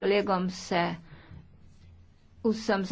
kolegom se vsem.